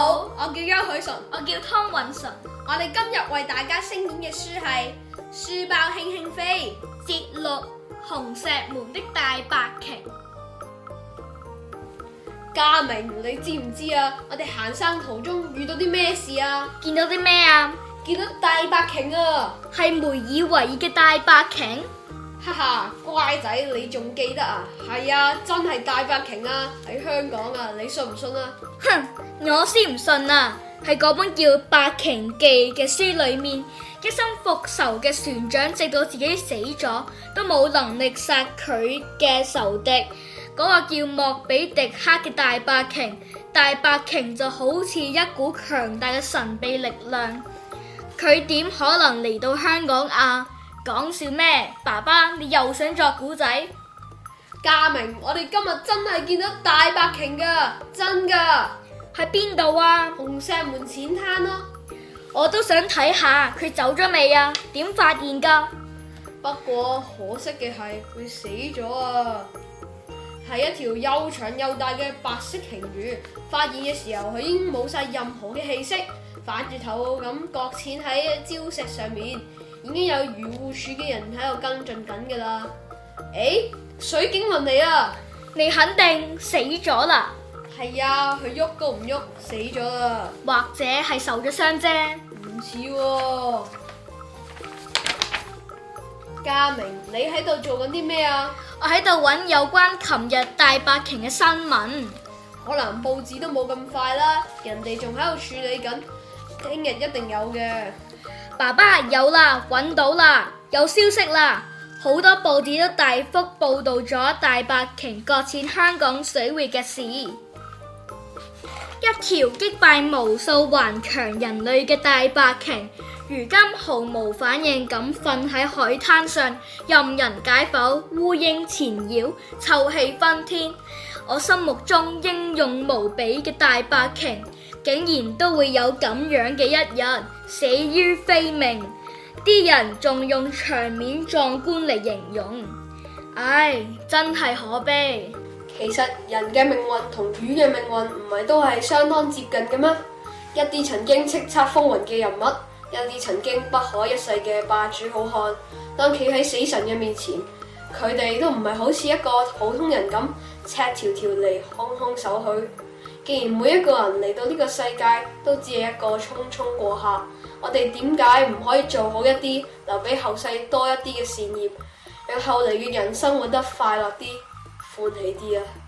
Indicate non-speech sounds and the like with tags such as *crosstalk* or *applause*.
好，我叫邱昫淳，我叫湯允錞，我哋今日為大家聲演嘅書係《書包輕輕飛》，節錄《紅石門的大白鯨》。嘉明，你知唔知啊？我哋行山途中遇到啲咩事啊？見到啲咩啊？見到大白鯨啊！係梅爾維爾嘅大白鯨。哈哈，乖仔，你仲記得啊？係啊，真係大白鯨啊！喺香港啊，你信唔信啊？哼，我先唔信啊！喺嗰本叫《白鯨記》嘅書裏面，一心復仇嘅船長，直到自己死咗都冇能力殺佢嘅仇敵。嗰個叫莫比迪克嘅大白鯨，大白鯨就好似一股強大嘅神秘力量，佢點可能嚟到香港啊？講笑咩？爸爸，你又想作古仔？家明，我哋今日真係見到大白鯨噶，真噶，喺邊度啊？紅石門淺灘咯。我都想睇下佢走咗未啊？點發現噶？不過可惜嘅係佢死咗啊！係一條又長又大嘅白色鯨魚，發現嘅時候佢已經冇晒任何嘅氣息，反住頭咁擱淺喺礁石上面。已經有漁護署嘅人喺度跟進緊㗎啦。誒，水警問你啊，你肯定死咗啦。係啊，佢喐都唔喐，死咗啦。或者係受咗傷啫。唔似喎。家明，你喺度做緊啲咩啊？我喺度揾有關琴日大白鯨嘅新聞。可能報紙都冇咁快啦，人哋仲喺度處理緊，聽日一定有嘅。爸爸有啦，揾到啦，有消息啦！好多報紙都大幅報道咗大白鯨擱淺香港水域嘅事。 *noise* 一條擊敗無數頑強人類嘅大白鯨，如今毫無反應咁瞓喺海灘上，任人解剖，烏蠅纏繞，臭氣熏天。我心目中英勇無比嘅大白鯨。竟然都會有咁樣嘅一日，死於非命，啲人仲用場面壯觀嚟形容，唉，真係可悲。其實人嘅命運同魚嘅命運唔係都係相當接近嘅咩？一啲曾經叱咤風雲嘅人物，一啲曾經不可一世嘅霸主好漢，當企喺死神嘅面前，佢哋都唔係好似一個普通人咁，赤條條嚟，空空手去。既然每一個人嚟到呢個世界都只係一個匆匆過客，我哋點解唔可以做好一啲，留俾後世多一啲嘅善業，讓後嚟嘅人生活得快樂啲、歡喜啲啊！